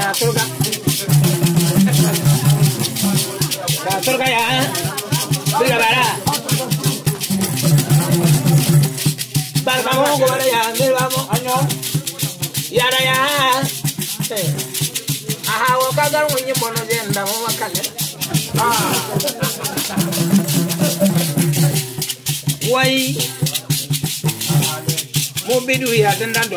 Gatur kak. kak ya. Beli bara. Bar kamu ya? Beli kamu anyo. Ya ada ya. Aha, wakagar mwenye bono jenda mwakane. Ya? Ah. Wai. Mumbidu ya tenda ndo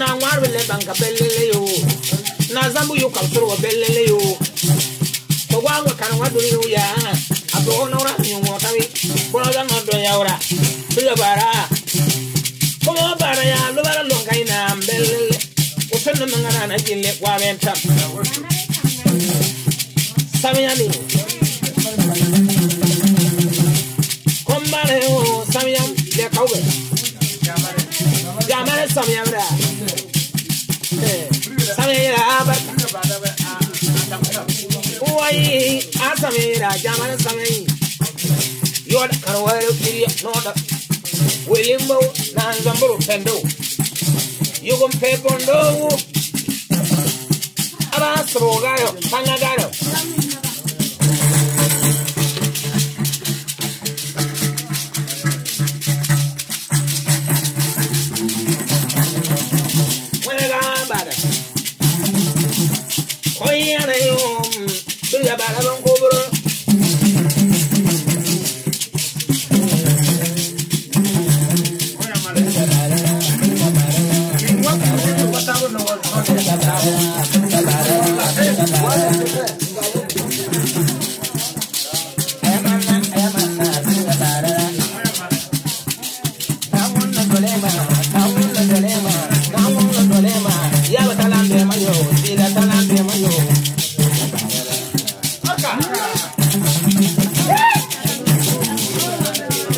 na ŋmaare lɛ banga bɛ lele yo na zambu yo ka soro wa yo ko wa ŋa kana ŋa duri ya a bɛ ɔna ora mi ŋɔ tabi kɔnɔ da nɔ dɔn ya ora bi la baara kɔmɔ baara ya lobara lɔn ka ina n bɛ o fɛn na manga na na jin lɛ wa bɛ n tam samiya ni kɔn baara yo samiya lɛ kaw bɛ jamare samiya bɛ samera ba wai a samera jamar samai yod karwar kiri noda wilimbo na zamburu pendo yugon pepondo aba srogayo tangaga bada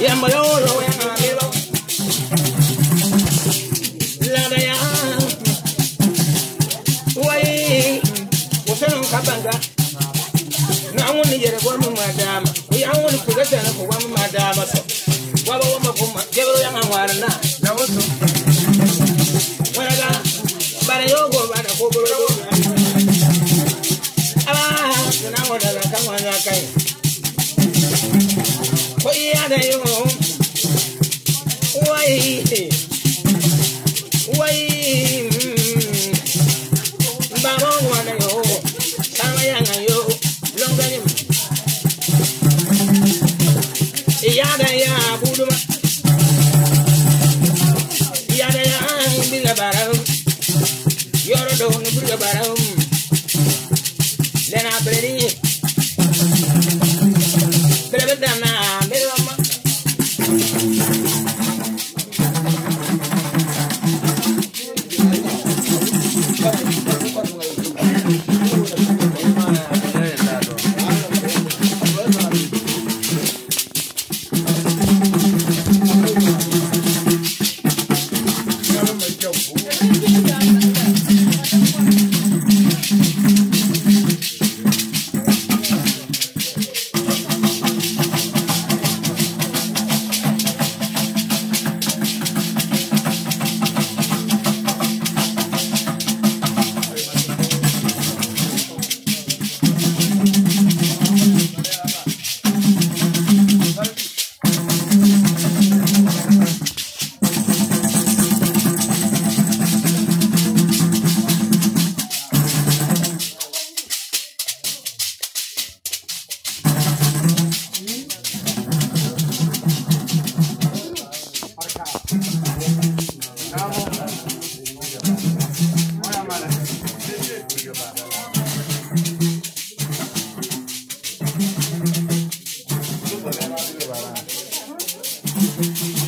yamba yoro wehamilo lada ya wai wasanon kabanga na wani yere gwa mu madama ko ya wani kugata na ko gwa mu Oh Why are you? Why? Thank you.